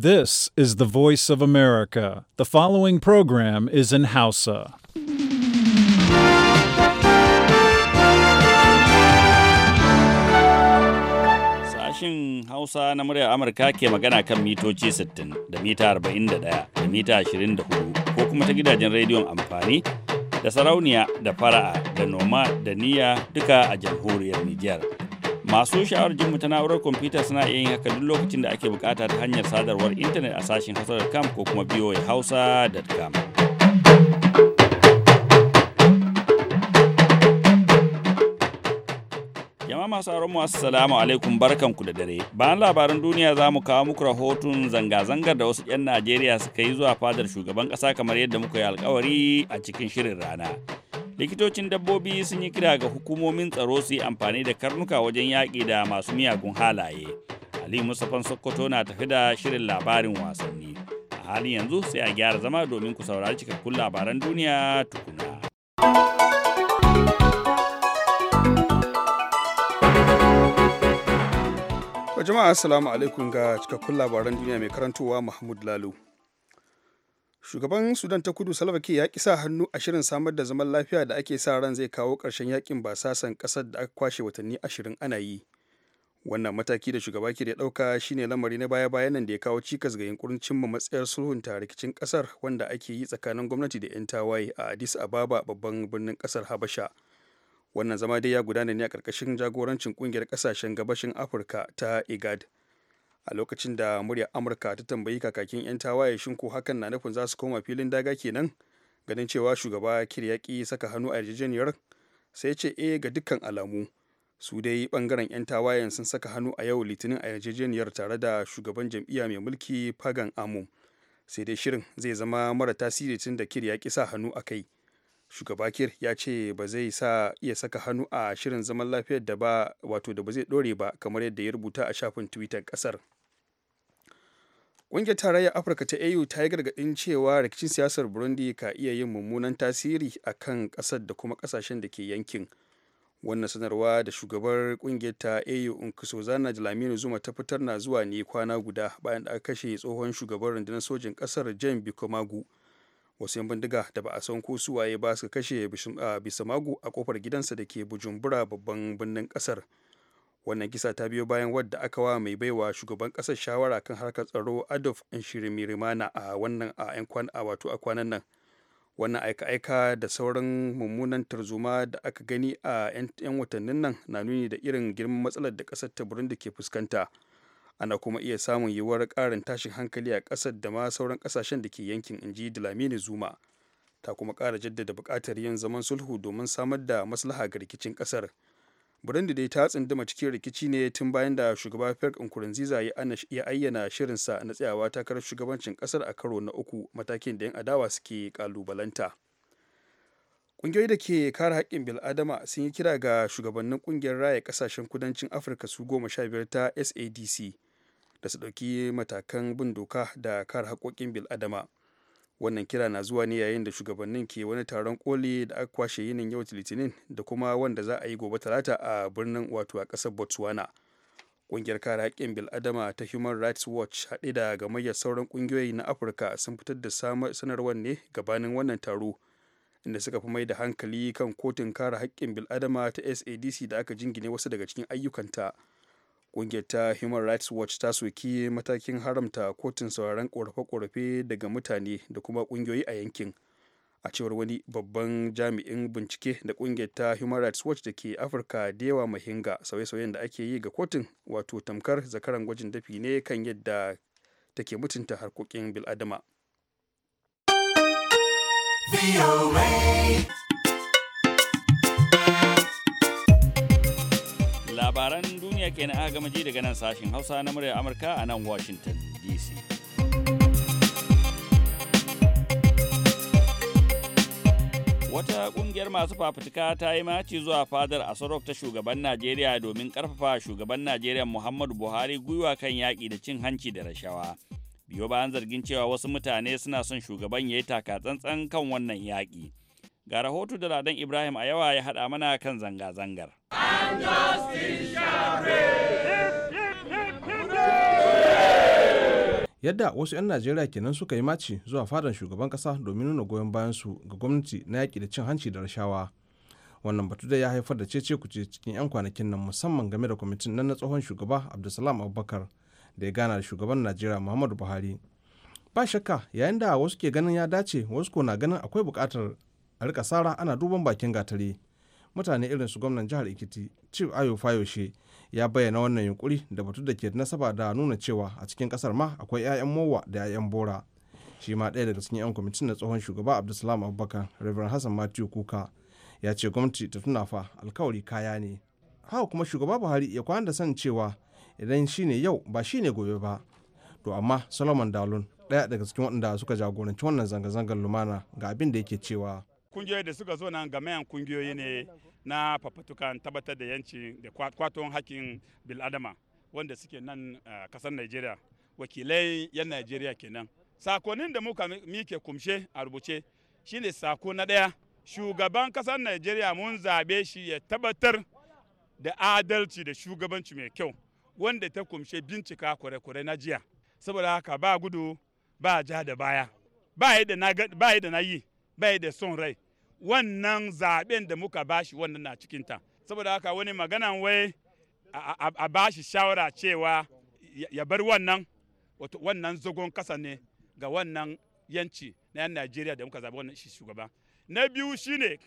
This is the voice of America. The following program is in Hausa. Sashin Hausa na murya Amurka ke magana kan mitoci 60 da mita 41 da mita 24 ko kuma ta gidajen rediyon amfani da sarauniya da fara'a da noma da niyya duka a jamhuriyar Nijar. masu sha'awar jin ta na'urar kwamfuta suna iya yin haka duk lokacin da ake bukata ta hanyar sadarwar intanet a sashen hausa.com ko kuma voahausa.com jama'a masu aron mu assalamu alaikum barkan ku da dare bayan labaran duniya za mu kawo muku rahoton zanga-zangar da wasu 'yan najeriya suka yi zuwa fadar shugaban kasa kamar yadda muka yi alkawari a cikin shirin rana likitocin dabbobi sun yi kira ga hukumomin tsaro su yi amfani da karnuka wajen yaƙi da masu miyagun halaye ali musafan sokoto na tafi da shirin labarin wasanni a halin yanzu sai a gyara zama domin ku saurari cikakkun labaran duniya tukuna jama'a assalamu alaikum ga cikakkun labaran duniya mai karantowa mahmud lalu shugaban sudan ta kudu salva kiir ya ki sa hannu a shirin samar da zaman lafiya da ake sa ran zai kawo ƙarshen yakin basasan ƙasar da aka kwashe watanni ashirin ana yi wannan mataki da shugaba kiir ya ɗauka shine lamari na baya bayan nan da ya kawo cikas ga yunkurin cimma matsayar sulhunta rikicin kasar wanda ake yi tsakanin gwamnati da 'yan tawaye a addis ababa babban birnin ƙasar habasha wannan zama dai ya gudana ne a ƙarƙashin jagorancin ƙungiyar ƙasashen gabashin afirka ta igad a lokacin da muryar amurka ta tambayi kakakin 'yan tawaye shin hakan na nufin za su koma filin daga kenan ganin cewa shugaba kir ya saka hannu a yarjejeniyar sai ce e ga dukkan alamu su dai bangaren 'yan tawayen sun saka hannu a yau litinin a yarjejeniyar tare da shugaban jam'iyya mai mulki fagan amu sai dai shirin zai zama mara tasiri tun da kir ya ki sa hannu a kai shugaba kir ya ce ba zai sa iya saka hannu a shirin zaman lafiyar da ba wato da ba zai dore ba kamar yadda ya rubuta a shafin twitter kasar Ƙungiyar Tarayyar Afirka ta AU ta yi gargaɗin cewa rikicin siyasar Burundi ka iya yin mummunan tasiri a kan ƙasar da kuma ƙasashen da ke yankin. Wannan sanarwa da shugabar ƙungiyar ta AU Nkosazana Dlamini Zuma ta fitar na zuwa ne kwana guda bayan da aka kashe tsohon shugaban rundunar sojin ƙasar Jan Bikomagu. Wasu 'yan bindiga da ba a san ko suwaye ba su kashe ah, Bisamagu a kofar gidansa da ke Bujumbura babban birnin ƙasar. wannan kisa ta biyo bayan wadda aka wa mai baiwa shugaban kasar shawara kan harkar tsaro adolf nshirimirimana a wannan a yan kwana a wato a kwanan nan wannan aika-aika da sauran mummunan tarzoma da aka gani a 'yan watannin nan na nuni da irin girman matsalar da kasar ta burundi ke fuskanta ana kuma iya samun yiwuwar karin tashin hankali a ƙasar da ma sauran kasashen da ke yankin inji lamini zuma ta kuma kara jaddada buƙatar yin zaman sulhu domin samar da maslaha ga rikicin ƙasar. burundi dai ta tsunduma cikin rikici ne tun bayan da shugaba pierre nkurunziza ya ayyana shirinsa na tsayawa takarar shugabancin kasar a karo na uku matakin da 'yan adawa suke kalubalanta ƙungiyoyi da ke kare haƙƙin bil'adama sun yi kira ga shugabannin ƙungiyar raya ƙasashen kudancin afirka su goma sha biyar ta sadc da su ɗauki matakan bin doka da kare haƙƙoƙin bil'adama wannan kira na zuwa ne yayin da shugabannin ke wani taron koli da aka kwashe yinin yau litinin da kuma wanda za a yi gobe talata a birnin wato a ƙasar botswana ƙungiyar kare haƙƙin bil'adama ta human rights watch haɗe da gamayyar sauran ƙungiyoyi na afirka sun fitar da sanarwar ne gabanin wannan taro inda suka fi mai da hankali kan kotun kare haƙƙin bil'adama ta sadc da aka jingine wasu daga cikin ayyukanta. ƙungiyar ta human rights watch ta soki matakin haramta kotun sauraron ƙorafe-ƙorafe daga mutane da kuma ƙungiyoyi a yankin a cewar wani babban jami'in bincike da ƙungiyar ta human rights watch da ke afirka da yawa mahinga sauye-sauyen da ake yi ga kotun wato tamkar zakaran gwajin dafi ne kan yadda take mutunta harkokin bil'adama. labaran duniya kenan aka gama ji daga nan sashen hausa na muryar amurka a nan washington dc wata kungiyar masu fafutuka ta yi maci zuwa fadar asorok ta shugaban najeriya domin karfafa shugaban najeriya muhammadu buhari gwiwa kan yaƙi da cin hanci da rashawa biyo bayan zargin cewa wasu mutane suna son shugaban ya yi taka tsantsan kan wannan yaƙi Ga rahoto da Ladan Ibrahim a yawa ya haɗa mana kan zanga-zangar. Yadda wasu 'yan Najeriya kenan suka yi maci zuwa fadan shugaban kasa domin nuna goyon bayansu ga gwamnati na yaƙi da cin hanci da rashawa. wannan batu da ya haifar da cece kuce cikin 'yan kwanakin nan musamman game da kwamitin nan na tsohon shugaba abdulsalam abubakar da ya gana da shugaban najeriya muhammadu buhari ba shakka yayin da wasu ke ganin ya dace wasu ko na ganin akwai bukatar a rika sara ana duban bakin gatari mutane irin su gwamnan jihar ikiti chief ayo fayoshe ya bayyana wannan yunkuri da batu da ke nasaba da nuna cewa a cikin kasar ma akwai 'ya'yan mowa da 'ya'yan bora shi ma ɗaya daga cikin 'yan kwamitin na tsohon shugaba abdulsalam abubakar reverend hassan matthew kuka ya ce gwamnati ta tuna fa alkawari kaya ne haka kuma shugaba buhari ya kwana da san cewa idan shine yau ba shine gobe ba to amma solomon dalun ɗaya daga cikin waɗanda suka jagoranci wannan zanga-zangar lumana ga abin da yake cewa kungiyoyi da suka zo nan gamayan kungiyoyi ne na fafatukan tabbatar da yanci da kwaton hakkin biladama wanda suke nan a kasar nigeria wakilai yan nigeria kenan sakonin da muka mike kumshe a rubuce shine sako na ɗaya shugaban kasar nigeria mun zabe shi ya tabbatar da adalci da shugabanci mai kyau wanda ta kumshe bincika kure-kure na jiya saboda haka ba gudu ba ja da baya ba yi da na yi bai da son rai wannan zaben da muka bashi wannan na cikinta saboda haka wani magana wai a bashi shawara cewa ya bar wannan wannan zagon kasa ne ga wannan yanci na yan najeriya da muka zaɓi wannan shi shugaba na biyu shine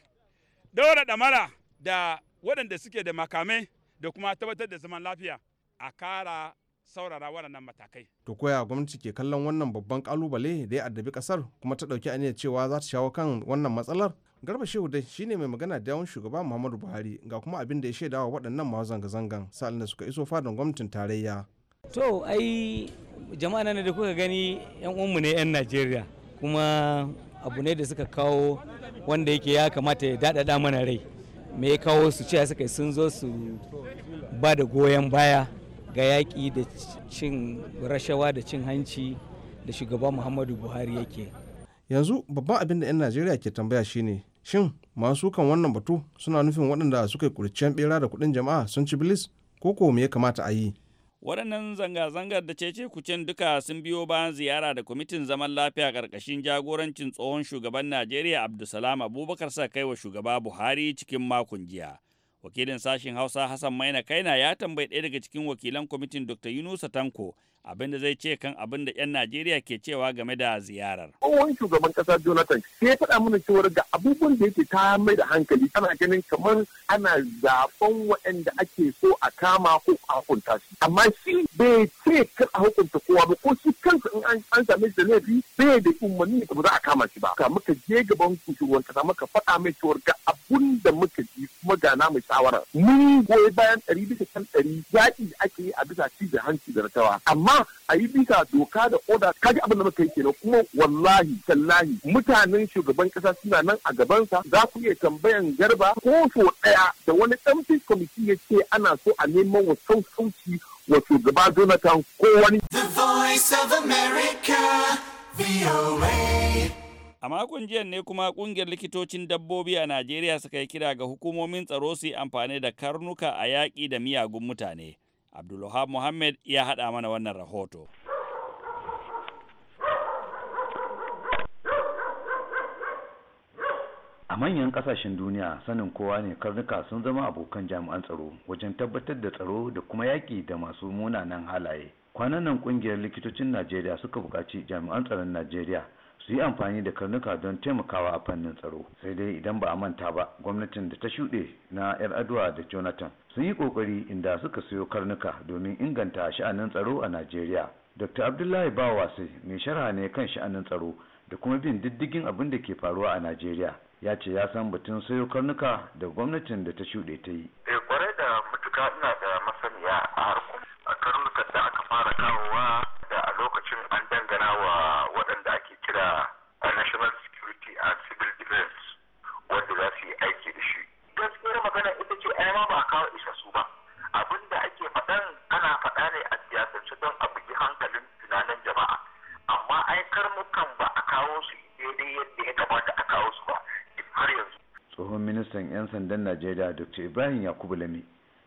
daura damara da waɗanda suke da makamai da kuma tabbatar da zaman lafiya a kara saurara waɗannan matakai. To koya gwamnati ke kallon wannan babban kalubale da ya addabi kasar kuma ta ɗauki aniyar cewa za ta shawo kan wannan matsalar? Garba Shehu dai shine mai magana da yawon shugaba Muhammadu Buhari ga kuma abin da ya shaidawa waɗannan masu zanga-zangan sa'alin da suka iso fadan gwamnatin tarayya. To ai jama'a nan da kuka gani 'yan uwanmu ne 'yan Najeriya kuma abu ne da suka kawo wanda yake ya kamata ya daɗaɗa mana rai. Me ya kawo su ce suka sun zo su ba da goyon baya ga yaƙi da cin rashawa da cin hanci da shugaba muhammadu buhari yake yanzu babban abin da 'yan najeriya ke tambaya shine shin masu kan wannan batu suna nufin waɗanda suka yi kurciyar bera da kuɗin jama'a sun ci bilis ko ko me ya kamata a yi waɗannan zanga-zangar da cece kucin duka sun biyo bayan ziyara da kwamitin zaman lafiya ƙarƙashin jagorancin tsohon shugaban najeriya abdulsalam abubakar sa kai wa shugaba buhari cikin makon jiya wakilin sashen hausa hassan maina kaina ya tambayi ɗaya daga cikin wakilan kwamitin dr yunusa tanko abin da zai ce kan abin da 'yan Najeriya ke cewa game da ziyarar. Tsohon shugaban kasa Jonathan sai ya faɗa mana cewar ga abubuwan da yake ta mai da hankali ana ganin kamar ana zaben waɗanda ake so a kama ko a hukunta shi. Amma shi bai ce kar a hukunta kowa ba ko shi kansa in an same shi da laifi bai da umarni da ba za a kama shi ba. Ka muka je gaban shugaban kasa muka faɗa mai cewar ga abun da muka ji kuma ga na mai shawara. Mun goyi bayan ɗari bisa kan ɗari yaƙi da ake yi a bisa ci da hanci da tawa. Amma amma a yi bisa doka da oda kaji abin da muka yi kenan kuma wallahi tallahi mutanen shugaban kasa suna nan a gabansa za ku iya tambayan garba ko so daya da wani dan kwamiti ya ce ana so a neman wa sassauci wa shugaba jonathan ko wani The Voice of America, VOA. A makon jiya ne kuma kungiyar likitocin dabbobi a Najeriya suka yi kira ga hukumomin tsaro su yi amfani da karnuka a yaƙi da miyagun mutane. Abdulwahab Muhammad ya haɗa mana wannan rahoto. A manyan ƙasashen duniya sanin kowa ne karnuka sun zama abokan jami'an tsaro wajen tabbatar da tsaro da kuma yaƙi da masu munanan halaye. Kwanan nan ƙungiyar likitocin Najeriya suka buƙaci jami'an tsaron Najeriya su yi amfani da karnuka don taimakawa a fannin tsaro sai dai idan ba a manta ba gwamnatin da ta shuɗe na yar adwa da jonathan sun yi ƙoƙari inda suka sayo karnuka domin inganta sha'anin tsaro a najeriya dr abdullahi bawase mai sharha ne kan sha'anin tsaro da kuma bin diddigin abin da ke faruwa a najeriya ya ce ya san batun sayo karnuka da gwamnatin da ta shuɗe ta yi. Eh, da ina Najeriya Dr. Ibrahim Yakubu Lami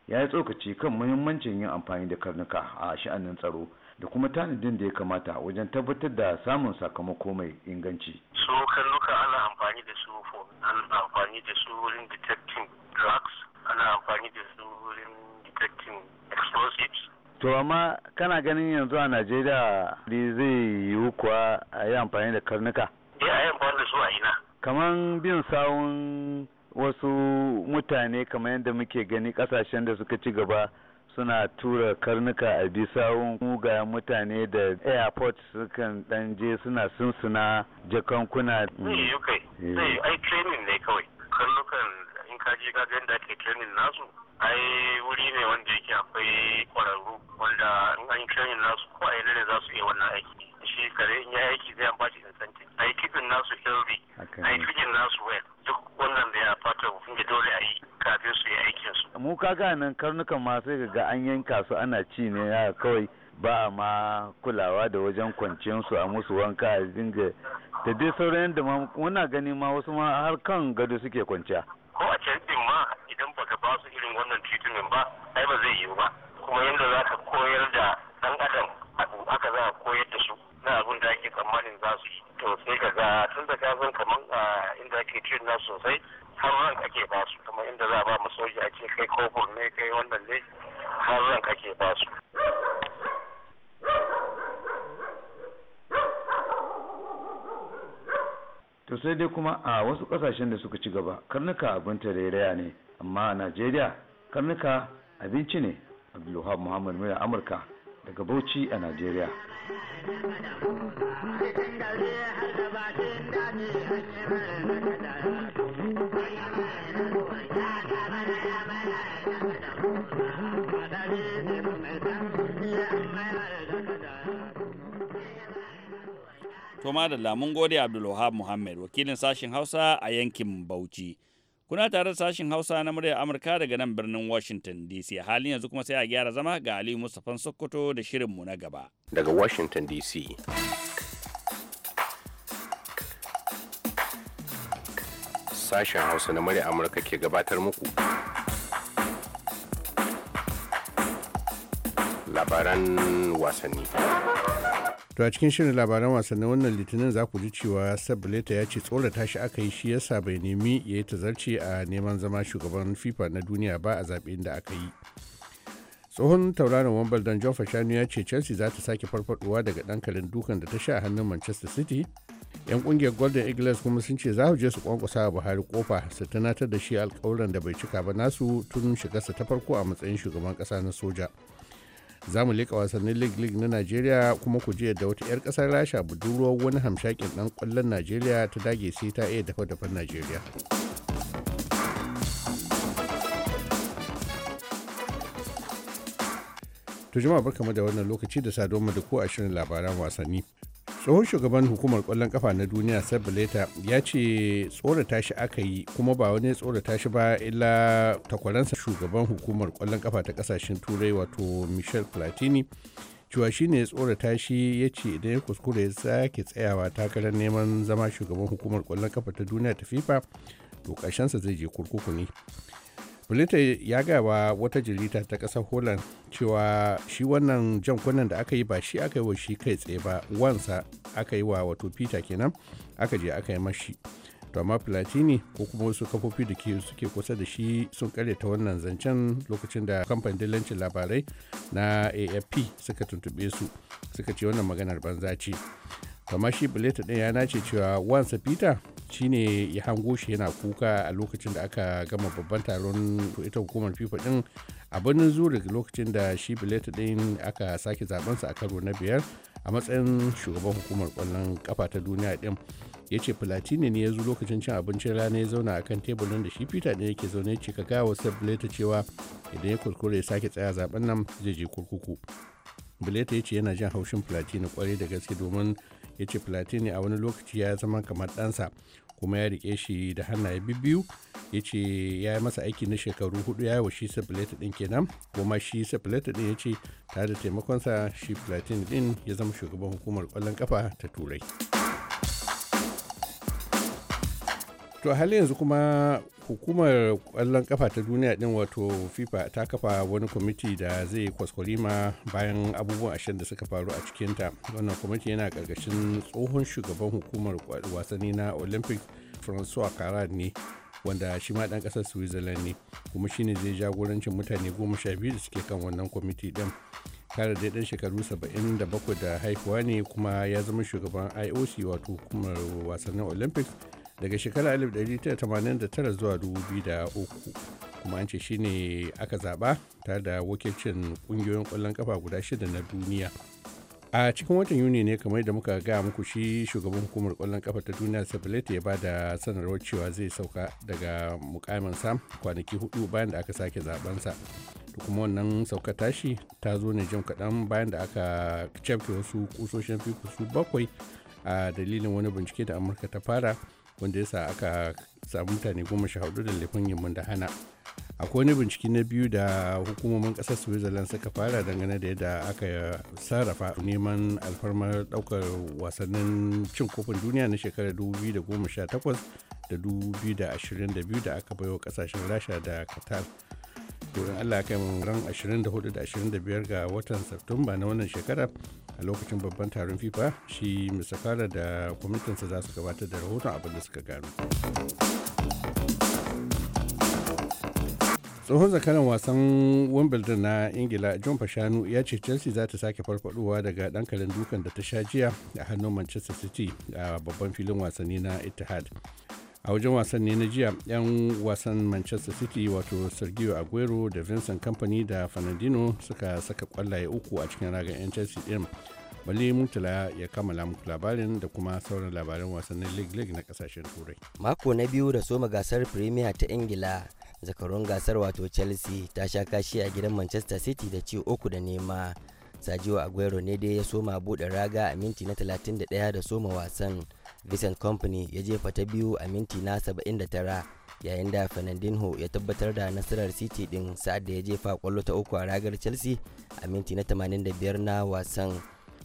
ya yi tsokaci kan muhimmancin yin amfani da karnuka a sha'anin tsaro da kuma tanadin da ya kamata wajen tabbatar da samun sakamako mai inganci. So karnuka ana amfani da su ana amfani da su wurin detecting drugs ana amfani da su wurin detecting explosives To amma kana ganin yanzu a Najeriya da zai yiwu kuwa a yi amfani da karnuka? Ya eh, yi amfani da su a ina. Kaman bin sawun wasu mutane kamar yadda muke gani kasashen da suka ci gaba suna tura karnuka a bisawun mugayen mutane da airport sukan dan je suna sunsuna jakankuna ne yi kai Sai eh. yi ai training ne kawai karnukan in ka je ka ga yadda ake training nasu ai wuri ne wanda yake akwai kwararru wanda in an training nasu ko a yanzu za su iya wannan aiki shi kare in ya aiki zai an bashi incentive ai kidin nasu healthy ai kidin nasu well duk wannan da ya fata kunge dole a yi kafin su yi aikin su. Mu kaga nan karnukan ma sai ga an yanka su ana ci ne ya kawai ba a ma kulawa da wajen kwanciyar su a musu wanka a dinga da dai sauran yadda ma muna gani ma wasu ma har kan gado suke kwanciya. Ko a can din ma idan baka ba su irin wannan treatment ba ai ba zai yiwu ba kuma yadda za ka koyar da ɗan adam haka za a koyar da su na abin da ake tsammanin za su yi to sai ka ga tun da ka san kamar mata sosai har ran kake ba su kuma inda za a ba masoji soja a ce kai kofur ne kai wannan ne har ran kake ba su to sai dai kuma a wasu kasashen da suka ci gaba karnuka abin tarairaya ne amma a najeriya karnuka abinci ne abdulwahab muhammad mai amurka daga bauchi a najeriya kuma da lamun gode Abdulwahab Muhammad wakilin sashen Hausa a yankin Bauchi. Kuna tare da sashen Hausa na muryar Amurka daga nan birnin Washington DC. Halin yanzu kuma sai a gyara zama ga Aliyu Mustapha Sokoto da shirinmu na gaba. Daga Washington DC. Sashen Hausa na muryar Amurka ke gabatar muku. Labaran wasanni. to a cikin shirin labaran wasannin wannan litinin za ku ji cewa sabuleta ya ce tsorata shi aka yi shi yasa bai nemi ya yi tazarci a neman zama shugaban fifa na duniya ba a zaɓen da aka yi tsohon tauraron wimbledon john fashanu ya ce chelsea za ta sake farfaduwa daga dankalin dukan da ta sha a hannun manchester city yan kungiyar golden eagles kuma sun ce za su je su kwankwasa a buhari kofa su tunatar da shi alkawuran da bai cika ba nasu tun shigarsa ta farko a matsayin shugaban ƙasa na soja za mu leƙa wasannin league league na najeriya kuma ku je da wata 'yar ƙasar rasha budurwar wani hamshakin ɗan ƙwallon najeriya ta dage sai ta iya dafa-dafan najeriya tujuma barkamu da wannan lokaci da saduwa da ko a shirin labaran wasanni tsohon shugaban hukumar kwallon kafa na duniya sabuleta ya ce tsorata shi aka yi kuma ba wani tsorata shi ba illa takwaransa shugaban hukumar kwallon kafa ta kasashen turai wato michel platini cewa shi ne tsorata shi ya ce idan ya kuskure ya sake tsayawa takarar neman zama shugaban hukumar kwallon kafa ta duniya ta fifa to ƙarshensa zai je kurkuku ne Blinken ya gaba wata jarida ta ƙasar Holland cewa shi wannan jankunan da aka yi ba shi aka yi wa shi kai tsaye ba wansa aka yi wa wato Peter kenan aka je aka yi mashi. To amma Platini ko kuma wasu kafofi da ke suke kusa da shi sun kare ta wannan zancen lokacin da kamfanin dillancin labarai na AFP suka tuntube su suka ce wannan maganar banza ce. Amma shi Blinken ɗin ya nace cewa wansa Peter shine ya hango shi yana kuka a lokacin da aka gama babban taron ita hukumar fifa din a birnin zurich lokacin da shi bilet din aka sake zabensa a karo na biyar a matsayin shugaban hukumar kwallon kafa ta duniya din ya ce platini ne ya zo lokacin cin abincin rana ya zauna akan teburin da shi peter ne yake zaune ce ka gawa wasu bileta cewa idan ya kurkure ya sake tsaya zaben nan zai je kurkuku bileta ya ce yana jin haushin platini kwarai da gaske domin ya ce platini a wani lokaci ya zama kamar ɗansa kuma ya rike shi da hannaye biyu ya ce ya yi masa aiki na shekaru hudu ya yi wa shi sifileti din kenan kuma shi sifileti din ya ce tare da taimakonsa shi platin din ya zama shugaban hukumar kwallon kafa ta turai. to har yanzu kuma hukumar kwallon kafa ta duniya din wato fifa ta kafa wani kwamiti da zai kwaskwarima bayan abubuwan ashirin da suka faru a cikinta wannan kwamiti yana karkashin tsohon shugaban hukumar wasanni na olympic francois carad ne wanda shi ma dan kasar switzerland ne kuma shine zai jagorancin mutane goma sha biyu da suke kan wannan kwamiti din kare da dan shekaru 77 da haihuwa ne kuma ya zama shugaban ioc wato hukumar wasannin olympics daga shekarar 1989 zuwa 2003 kuma an ce shine aka zaba tare da wakilcin kungiyoyin kwallon kafa guda shida na duniya a cikin watan yuni ne kamar da muka gaya muku shi shugaban hukumar kwallon kafa ta duniya sabilete ya ba da sanarwar cewa zai sauka daga mukamin sam kwanaki hudu bayan da aka sake zabensa da kuma wannan sauka tashi ta zo ne jim kaɗan bayan da aka cafke wasu kusoshin fikusu su bakwai a dalilin wani bincike da amurka ta fara wanda ya sa aka samu mutane goma sha hudu da laifin yin da hana akwai wani bincike na biyu da hukumomin kasar switzerland suka fara dangane da yadda aka sarrafa neman alfarmar daukar wasannin cin kofin duniya na shekarar 2018 da 2022 da aka baiwa kasashen rasha da qatar turin allah kai ran 24 da 25 ga watan satumba na wannan shekara a lokacin babban taron fifa shi misafara da kwamitinsa za su gabatar da rahoton abin da suka gano tsohon zakaran wasan wimbledon na ingila john fashanu ya ce chelsea za ta sake farfaduwa daga dankalin dukan da ta sha jiya a hannun manchester city a babban filin wasanni na itihad a wajen wasanni na jiya 'yan wasan manchester city wato sergio aguero da vincent company da fernandino suka saka kwallaye uku a cikin ragar 'yan chelsea din bali mutula ya kammala muku labarin da kuma sauran labarin wasannin league league na kasashen turai mako na biyu da soma gasar premier ta ingila zakarun gasar wato chelsea ta sha kashi a gidan manchester city da ci uku da nema sajiwa aguero ne dai ya soma buɗe raga a minti na 31 da soma wasan vincent company ya jefa ta biyu a minti na 79 yayin da fernandinho ya tabbatar da nasarar city din sa'ad da ya jefa kwallo ta uku a ragar chelsea a minti na 85 na wasan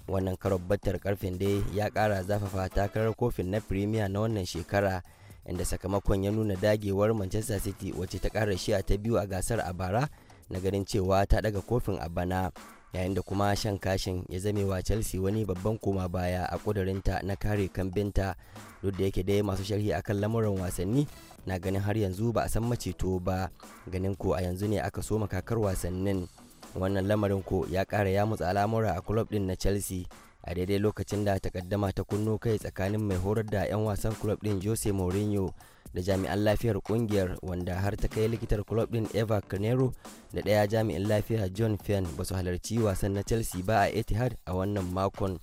wannan karon battar karfin dai ya kara zafafa takarar kofin na premier na wannan shekara inda sakamakon ya nuna dagewar manchester city wacce ta kara shi a ta biyu a gasar a bara na ganin cewa ta daga kofin a bana yayin da kuma shan kashin ya zame wa chelsea wani babban koma baya a kudurinta na kare kambinta duk da yake dai masu sharhi akan lamuran wasanni na ganin har yanzu ba a san maceto ba ganin ko a yanzu ne aka so kakar wasannin wannan lamarin ko ya kara ya mutsa al'amura a club din na chelsea a daidai lokacin da takaddama ta kunno kai tsakanin mai horar da 'yan wasan club din jose mourinho da jami'an lafiyar kungiyar wanda har ta kai likitar club din eva canero da daya jami'in lafiya john fenn ba su halarci wasan na chelsea ba a etihad a wannan makon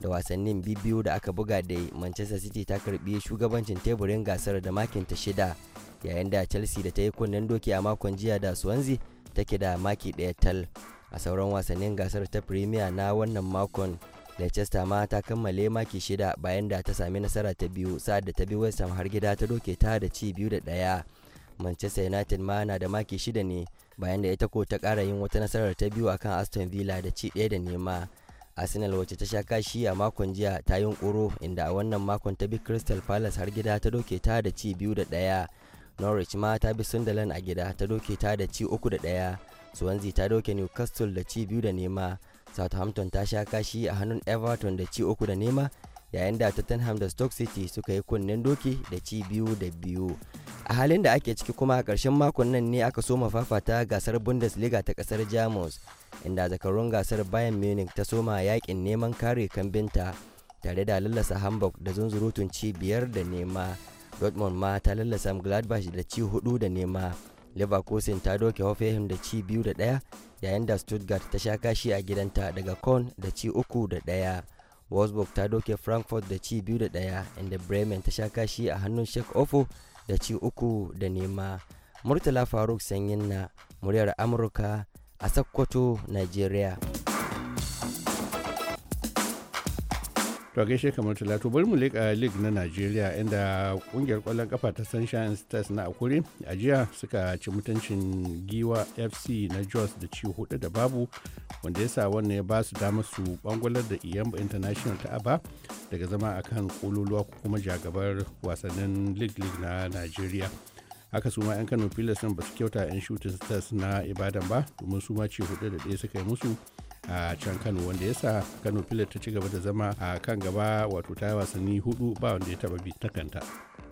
da wasannin bibiyu da aka buga da manchester city ta karbi shugabancin teburin gasar da makinta shida yayin da chelsea da ta yi kunnen doki a makon jiya da swansea take da maki daya tal a sauran wasannin gasar ta premier na wannan makon leicester ma ta kammale maki shida bayan da ta sami nasara ta biyu sa'ad da ta bi west ham har gida ta doke ta da ci biyu da ɗaya manchester united ma na da maki shida ne bayan da ita ko ta ƙara yin wata nasarar ta biyu akan aston villa da ci ɗaya da nema arsenal wacce ta sha kashi a makon jiya ta yi yunkuro inda a wannan makon ta bi crystal palace har gida ta doke ta da ci biyu da ɗaya norwich ma ta bi sunderland a gida ta doke ta da ci uku da ɗaya swansea ta doke newcastle da ci biyu da nema southampton ta sha kashi a hannun everton da ci uku da nema yayin da tottenham da stoke city suka yi kunnen doki da ci biyu da biyu a halin da ake ciki kuma a ƙarshen makon nan ne aka soma fafata gasar bundesliga ta ƙasar jamus inda zakarun gasar bayern munich ta soma yakin neman kare kambinta tare da lallasa hamburg da zunzurutun ci biyar da nema dortmund ma ta lallasa gladbach da ci hudu da nema leverkusen ta doke hoffenheim da ci biyu da ɗaya yayin da stuttgart ta sha kashi a gidanta daga Köln da ci uku da ɗaya wolfsburg ta doke frankfurt da ci biyu da ɗaya inda bremen ta sha kashi a hannun shek ofo da ci uku da nema murtala faruk sanyin na muryar amurka a sakkwato nigeria to gaishe kamar to bari mu leƙa lig na najeriya inda kungiyar kwallon kafa ta sunshine stars na akure a jiya suka ci mutuncin giwa fc na jos da ci hudu da babu wanda yasa wannan ya ba su damar su bangular da iyamba international ta aba daga zama akan kololuwa ko kuma jagabar wasannin lig lig na najeriya haka su ma 'yan kano pilas ba su kyauta 'yan shooting stars na ibadan ba domin su ma ci hudu da ɗaya suka yi musu a can kano wanda ya sa kano pilar ta ci gaba da zama a kan gaba wato ta wasanni hudu ba wanda ya taba bi ta kanta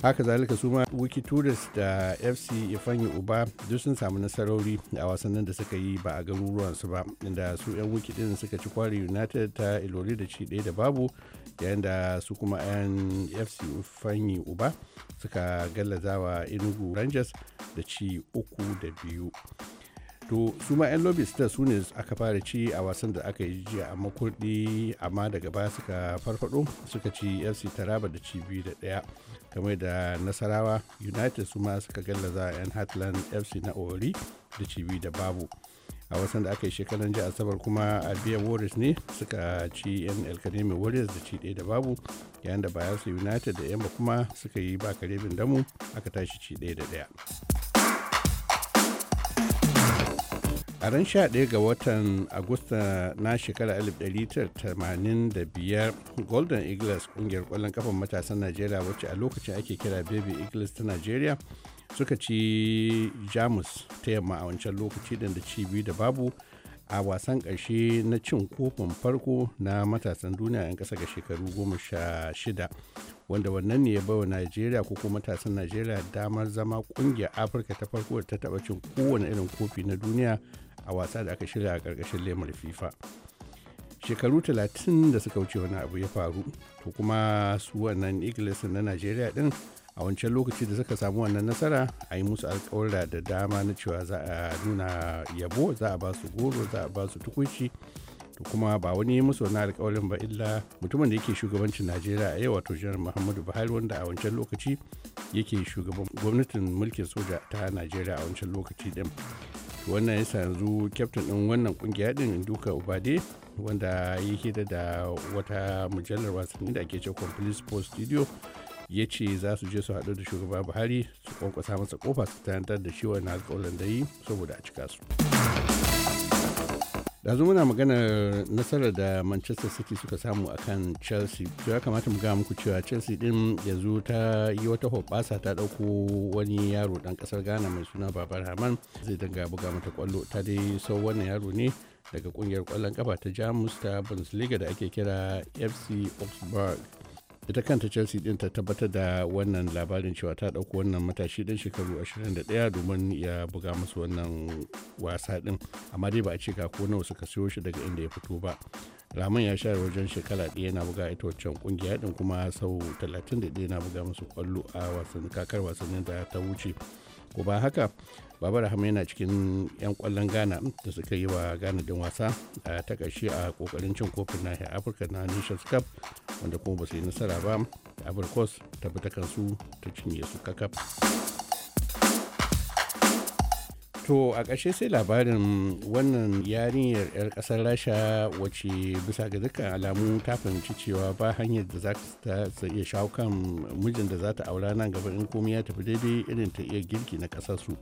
haka zalika su ma wiki tourist da fc ifanyi uba duk sun samu nasarori a wasannin da suka yi ba a garuruwan su ba inda su yan wiki din suka ci kwari united ta ilori da ci ɗaya da babu yayin da su kuma yan fc ifanyi uba suka gallazawa inugu rangers da ci uku da biyu to su ma 'yan lobby star su ne aka fara ci a wasan da aka yi jiya amma kudi amma daga baya suka farfado suka ci fc taraba da ci biyu da daya game da nasarawa united su ma suka gallaza 'yan Heartland fc na ori da ci biyu da babu a wasan da aka yi shekaran jiya asabar kuma a biyan warriors ne suka ci yan alkanemi warriors da ci daya da babu yayin da su united da yamma kuma suka yi ba karebin damu aka tashi ci ɗaya da ɗaya a ran 11 ga watan agusta na shekarar 1985 golden eagles kungiyar kwallon kafan matasan najeriya wacce a lokacin ake kira baby eagles ta najeriya suka ci jamus ta yamma a wancan lokaci da ci biyu da babu a wasan ƙarshe na cin kofin farko na matasan duniya 'yan ƙasa ga shekaru goma sha shida wanda wannan ne ya bawa najeriya ko kuma matasan najeriya damar zama ƙungiyar afirka ta farko da ta taba cin kowane irin kofi na duniya a wasa da aka shirya a ƙarƙashin lemar fifa shekaru 30 da suka wuce wani abu ya faru to kuma su wannan eagles na najeriya din a wancan lokaci da suka samu wannan nasara a yi musu alkawarra da dama na cewa za a nuna yabo za a ba su goro za a ba su tukunci to kuma ba wani musu wani alkawarin ba illa mutumin da yake shugabancin najeriya a yau wato janar muhammadu buhari wanda a wancan lokaci yake shugaban gwamnatin mulkin soja ta najeriya a wancan lokaci din wannan yasa yanzu kyaftin ɗin wannan kungiya ɗin duka ubade wanda ya hira da wata mujallar wasanni da ake cewa complete sports studio ya ce za su je su haɗu da shugaba buhari su kwankwasa masa kofa su tantar da shi wannan alƙawarin da yi saboda a cika su. yanzu muna maganar nasarar da manchester city suka samu akan chelsea to ya kamata mu gaya muku cewa chelsea din yanzu ta yi wata hoɓasa ta ɗauko wani yaro ɗan ƙasar ghana mai suna babar haman zai dinga buga mata kwallo ta dai sau wannan yaro ne daga ƙungiyar ƙwallon ƙafa ta jamus ta bundesliga da ake kira fc augsburg ita kanta chelsea din ta tabbatar da wannan labarin cewa ta dauko wannan matashi dan shekaru 21 domin ya buga musu wannan wasa din amma dai ba a ce ga ko nawa suka siyo shi daga inda ya fito ba ramin ya share wajen shekara ɗaya na buga ita waccan kungiya din kuma sau 31 na buga musu kwallo a wasan kakar wasannin da ta wuce ko ba haka baba rahama yana cikin 'yan kwallon ghana da suka yi wa ghana din wasa a ta ƙarshe a kokarin cin kofin nahiyar afirka na nations cup wanda kuma ba su yi nasara ba afirkos ta bi ta kansu ta cinye su kakaf to a ƙarshe sai labarin wannan yarinyar 'yar ƙasar rasha wacce bisa ga dukkan alamu ta fahimci cewa ba hanyar da za ta iya shawo kan mijin da za ta aura nan gaba in komai ya tafi daidai irin ta iya girki na ƙasar su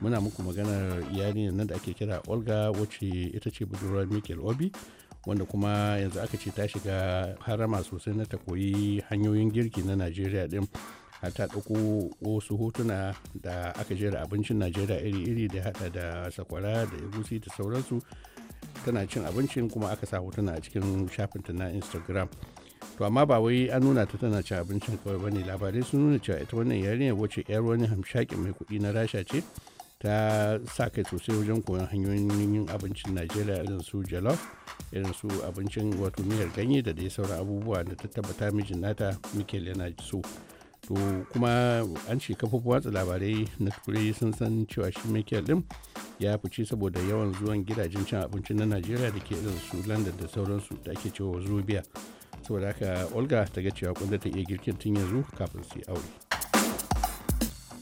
muna muku maganar yarinyar nan da ake kira olga wacce ita ce budurwar Mikel obi wanda kuma yanzu aka ce ta shiga harama sosai na ta koyi hanyoyin girki na najeriya din har ta ɗauko wasu hotuna da aka jera abincin najeriya iri-iri da hada da sakwara da egusi da sauransu tana cin abincin kuma aka sa hotuna a cikin shafinta na instagram to amma ba wai an nuna ta tana cin abincin kawai bane labarai sun nuna cewa ita wannan yarinya wacce yar wani hamshakin mai kuɗi na rasha ce ta sa kai sosai wajen koyon hanyoyin yin abincin najeriya irin su jollof irin su abincin wato miyar ganye da dai sauran abubuwa da ta tabbata mijin nata mikel yana so to kuma an ce kafofin watsa labarai na turai sun san cewa shi michael din ya fice saboda yawan zuwan gidajen cin abinci na najeriya da ke irin su london da sauransu da ake cewa zobia saboda haka olga ta ga cewa kunda ta iya girkin tun yanzu kafin su yi aure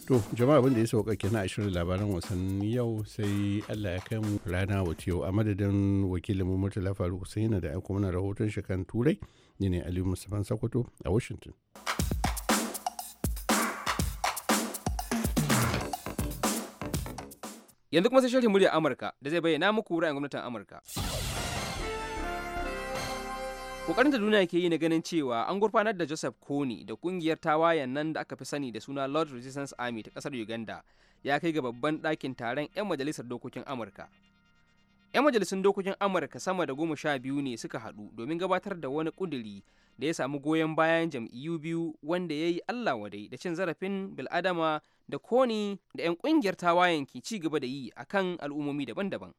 to jama'a abin ya sauka kenan a shirin labaran wasanni yau sai allah ya kai mu rana wata yau a madadin wakilin mu murtala faruk husaina da aiko mana rahoton shi kan turai ne ne aliyu musamman sokoto a washington Yanzu kuma sai shirin murya Amurka da zai bayyana muku ra'ayin gwamnatin Amurka. Kokarin da duniya ke yi na ganin cewa an gurfanar da Joseph Kony da kungiyar tawayen nan da aka fi sani da suna Lord Resistance Army ta kasar Uganda ya kai ga babban ɗakin taron 'yan majalisar dokokin Amurka. 'Yan majalisun dokokin Amurka sama da goma sha biyu ne suka haɗu domin gabatar da wani ƙuduri da ya samu goyon bayan jam'iyyu biyu wanda ya yi Allah wadai da cin zarafin bil'adama da koni da 'yan ƙungiyar tawayen ke ci gaba da yi a kan al'ummomi daban-daban.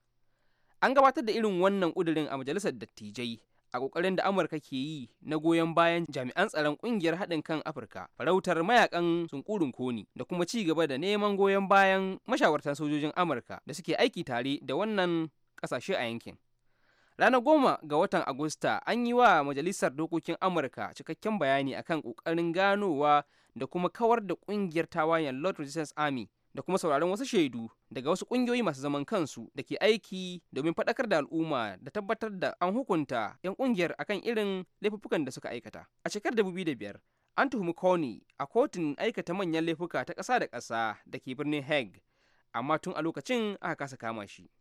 An gabatar da irin wannan ƙudurin a majalisar dattijai a ƙoƙarin da Amurka ke yi na goyon bayan jami'an tsaron ƙungiyar haɗin kan Afirka farautar mayakan sunkurin koni da kuma ci gaba da neman goyon bayan mashawartan sojojin Amurka da suke aiki tare da wannan ƙasashe a yankin. ranar goma ga watan agusta an yi wa majalisar dokokin amurka cikakken bayani akan ƙoƙarin ganowa da kuma kawar da ƙungiyar tawayen lord resistance army da kuma sauraron wasu shaidu daga wasu ƙungiyoyi masu zaman kansu da ke aiki domin faɗakar da al'umma da tabbatar da an hukunta 'yan ƙungiyar akan irin laifuffukan da suka aikata a shekarar 2005 an tuhumi Kony a kotun aikata manyan laifuka ta ƙasa da ƙasa da ke birnin Hague, amma tun a lokacin aka kasa kama shi.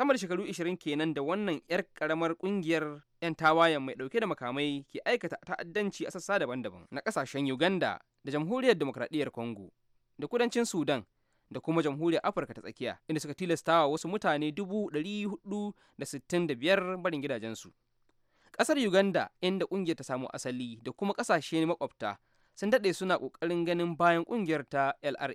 sama da shekaru 20 kenan da wannan 'yar karamar kungiyar 'yan tawayen mai dauke da makamai ke aikata ta'addanci a sassa daban-daban na kasashen uganda da jamhuriyar demokradiyyar congo da kudancin sudan da kuma jamhuriyar afirka ta tsakiya inda suka tilastawa wasu mutane 465 barin gidajensu ƙasar uganda inda kungiyar ta samu asali da kuma ƙasashe makwabta sun daɗe suna ƙoƙarin ganin bayan ƙungiyar ta lra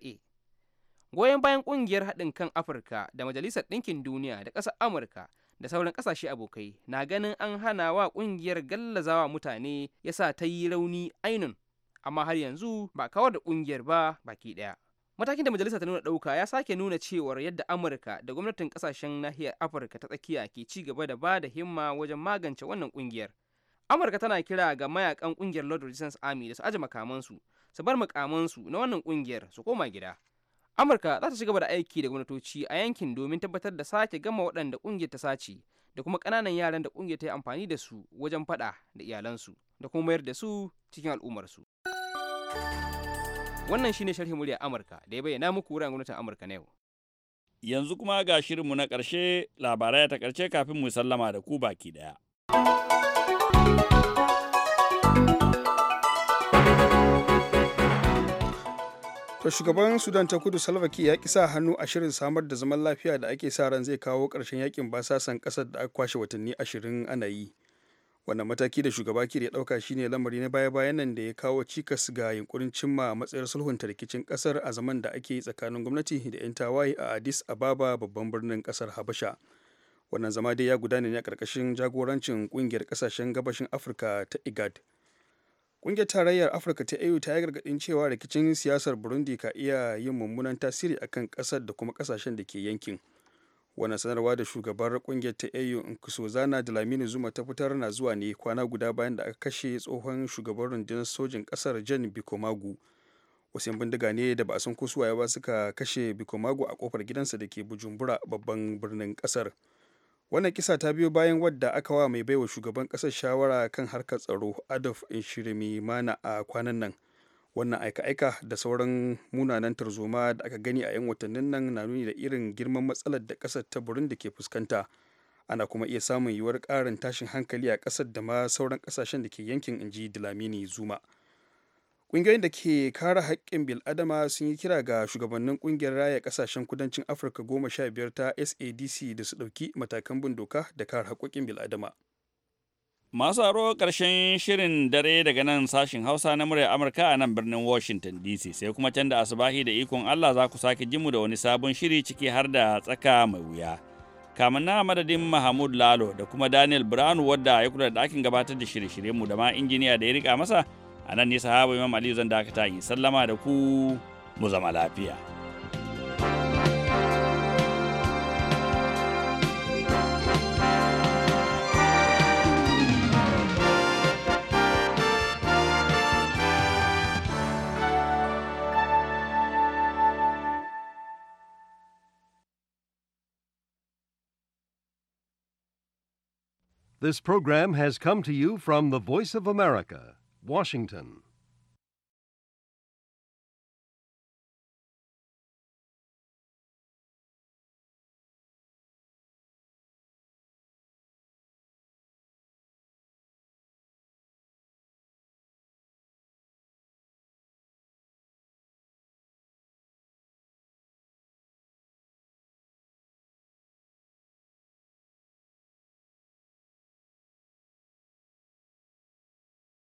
goyon bayan ƙungiyar haɗin kan afirka da majalisar ɗinkin duniya da ƙasar amurka da sauran ƙasashe abokai na ganin an hana wa ƙungiyar gallazawa mutane ya sa ta yi rauni ainun amma har yanzu ba kawar da ƙungiyar ba baki ɗaya matakin da majalisa ta nuna ɗauka ya sake nuna cewar yadda amurka da gwamnatin ƙasashen nahiyar afirka ta tsakiya ke ci gaba da ba da himma wajen magance wannan ƙungiyar amurka tana kira ga mayakan ƙungiyar lord resistance army da su aje makamansu su bar makamansu na wannan ƙungiyar su koma gida amurka za ta ci gaba da aiki da gwamnatoci a yankin domin tabbatar da sake gama waɗanda ƙungiyar ta sace da kuma ƙananan yaran da ƙungiyar ta yi amfani da su wajen faɗa da iyalansu da kuma mayar da su cikin al'ummarsu wannan shine sharhin muryar amurka da ya bayyana muku wuraren gwamnatin amurka na yau yanzu kuma ga shirinmu na ƙarshe labarai ta ƙarshe kafin mu sallama da ku baki ɗaya. to shugaban sudan ta kudu salva ya ki sa hannu a shirin samar da zaman lafiya da ake sa ran zai kawo karshen yakin basasan kasar da aka kwashe watanni ashirin ana yi wannan mataki da shugaba kiir ya ɗauka shine lamari na baya bayan nan da ya kawo cikas ga yunkurin cimma matsayar sulhunta rikicin ƙasar a zaman da ake yi tsakanin gwamnati da 'yan tawaye a addis ababa babban birnin ƙasar habasha wannan zama dai ya gudana ne a ƙarƙashin jagorancin ƙungiyar ƙasashen gabashin afirka ta igad Ƙungiyar Tarayyar Afirka ta AU ta yi gargaɗin cewa rikicin siyasar Burundi ka iya yin mummunan tasiri a kan ƙasar da kuma ƙasashen da ke yankin. Wannan sanarwa da shugabar ƙungiyar ta AU da Dlamini Zuma ta fitar na zuwa ne kwana guda bayan da aka kashe tsohon shugaban rundunar sojin ƙasar Jan Bikomagu. Wasu yan bindiga ne da ba a san ko suwaye ba suka kashe Bikomagu a kofar gidansa da ke Bujumbura babban birnin ƙasar. wannan kisa ta biyo bayan wadda aka wa mai baiwa shugaban kasar shawara kan harkar tsaro adolf inshirimi mana a kwanan nan wannan aika-aika da sauran munanan tarzoma da aka gani a 'yan watannin nan na nuni da irin girman matsalar da kasar ta burin da ke fuskanta ana kuma iya samun yiwuwar ƙarin tashin hankali a ƙasar da ma sauran ƙasashen da ke yankin inji dilamini zuma ƙungiyoyin da ke kare haƙƙin bil'adama sun yi kira ga shugabannin kungiyar raya kasashen kudancin afirka goma sha biyar ta sadc da su ɗauki matakan bin doka da kare haƙƙoƙin bil'adama masu aro karshen shirin dare daga nan sashen hausa na murya amurka a nan birnin washington dc sai kuma can da asubahi da ikon allah za ku sake jimu da wani sabon shiri ciki har da tsaka mai wuya kamin na madadin Mahmud Lalo da kuma Daniel Brown wadda ya kula da ɗakin gabatar da shirye-shiryenmu da ma injiniya da ya rika masa a nan ne sahaba imam zan dakata in sallama da ku mu zama lafiya This program has come to you from the Voice of America, Washington.